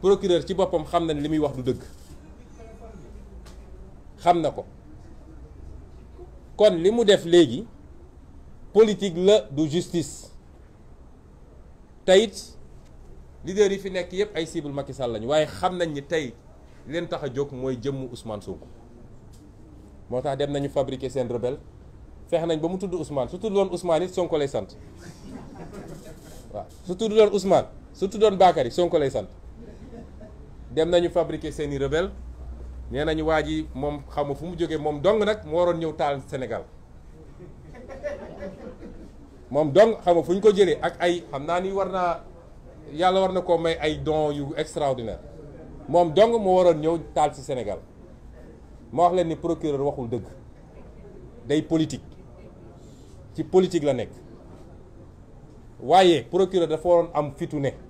procureur ci boppam xam na ne li muy wax du dëgg xam na ko kon li mu def léegi politique la du justice teyit leader yi fi nekk yépp ay cible Macky Sall lañu waaye xam nañ ni tey leen tax a jóg mooy jëmm Ousmane Sonko moo tax dem nañu fabriquer seen rebelle fex nañ ba mu tudd Ousmane su tudd loon Ousmane it Sonko lay sant waaw su tudd loon Ousmane su tudd loon Bakary Sonko lay sant dem nañu fabriquer seeni rebelle nee nañu waa ji moom xamu fu mu jógee moom dong nag moo waroon ñëw taal senegal moom dong xamu fu ñu ko jëlee ak ay xam naa ni war naa yàlla war na koo may ay don yu extraordinaire moom dong moo waroon ñëw taal ci Sénégal moo wax leen ni procureur waxul dëgg day politique ci politique la nekk waaye procureur dafa waroon am fitu ne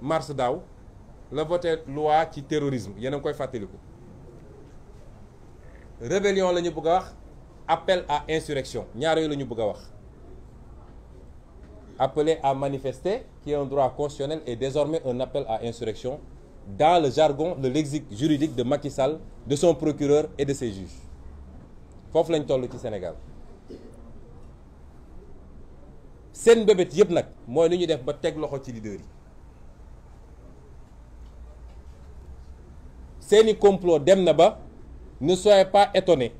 mars le la voté loi ci terrorisme y a un rébellion la bëgg appel à insurrection ñaar appelé à manifester qui est un droit constitutionnel et désormais un appel à insurrection dans le jargon le lexique juridique de Macky Sall de son procureur et de ses juges foofu lañ tollu ci Sénégal sen bébét yëpp nag moy ñu def ba tégg loxo ci leader seeni complot dem ne soyez pas étonnés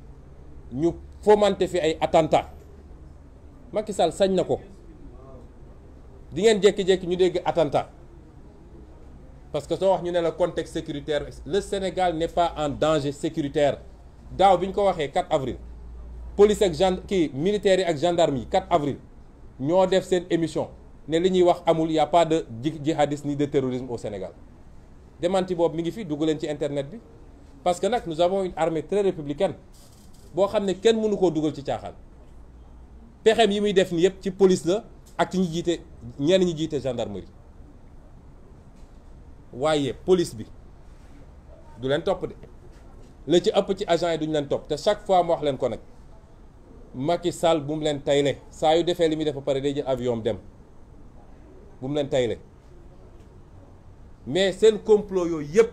Nous fomenté fi ay attentat Macky Sall sañ nako di ngeen jékki-jékki ñu dégg attentat parce que nous wax ñu contexte sécuritaire le Sénégal n'est pas en danger sécuritaire daw vous ko 4 avril police ak militaires et ak 4 avril ño def sen émission né liñuy wax amul a pas de djihadisme ni de terrorisme au Sénégal démenti bob mi ngi fi ci internet parce que nous avons une armée très républicaine Si xamné ne mënu ko ci pexem yi muy def ni police la ak ci ñi jité ñi gendarmerie wayé police bi du len top ci ëpp ci agent chaque fois que wax len ko nak Macky Sall bu mu des yu défé li def paré mais un complot yooyu yëpp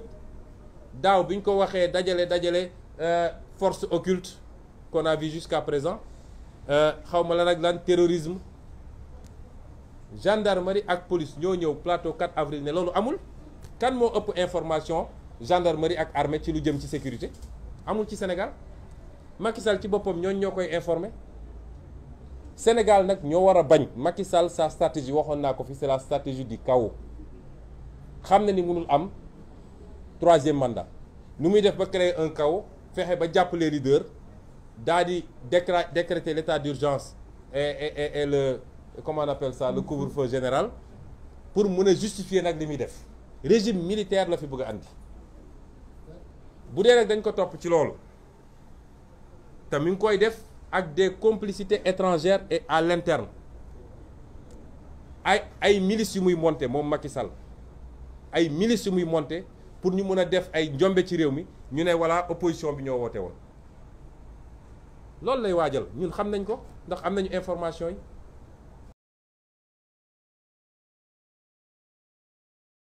daw biñ ko waxé dajalé dajalé euh, qu'on a vu jusqu'à présent euh xawma la nak lan terrorisme gendarmerie ak police ñoo au plateau 4 avril Quand lolu amul kan mo ëpp information gendarmerie ak armée ci lu jëm ci sécurité amul ci Sénégal Macky Sall ci bopom ñoo ñokoy informer Sénégal nak ñoo wara pas bañ Macky sa stratégie waxon naa ko c'est la stratégie du chaos xam ni mënul am troisième mandat nu muy def ba créer un chaos fexé ba jàpp les leaders dadi décréter l'état d'urgence et et et le comment on appelle ça le couvre-feu général pour mën justifier nak li def régime militaire la fi bëgg andi bu nak dañ ko top ci lool te mi koy def ak des complicités étrangères et à l'interne ay ay milices yu muy monter mom Macky Sall ay milices muy monté pour ñu mëna def ay njombe ci réew mi ñu né wala opposition bi ñoo woté won loolu lay waajal ñun xam nañ ko ndax am nañu information yi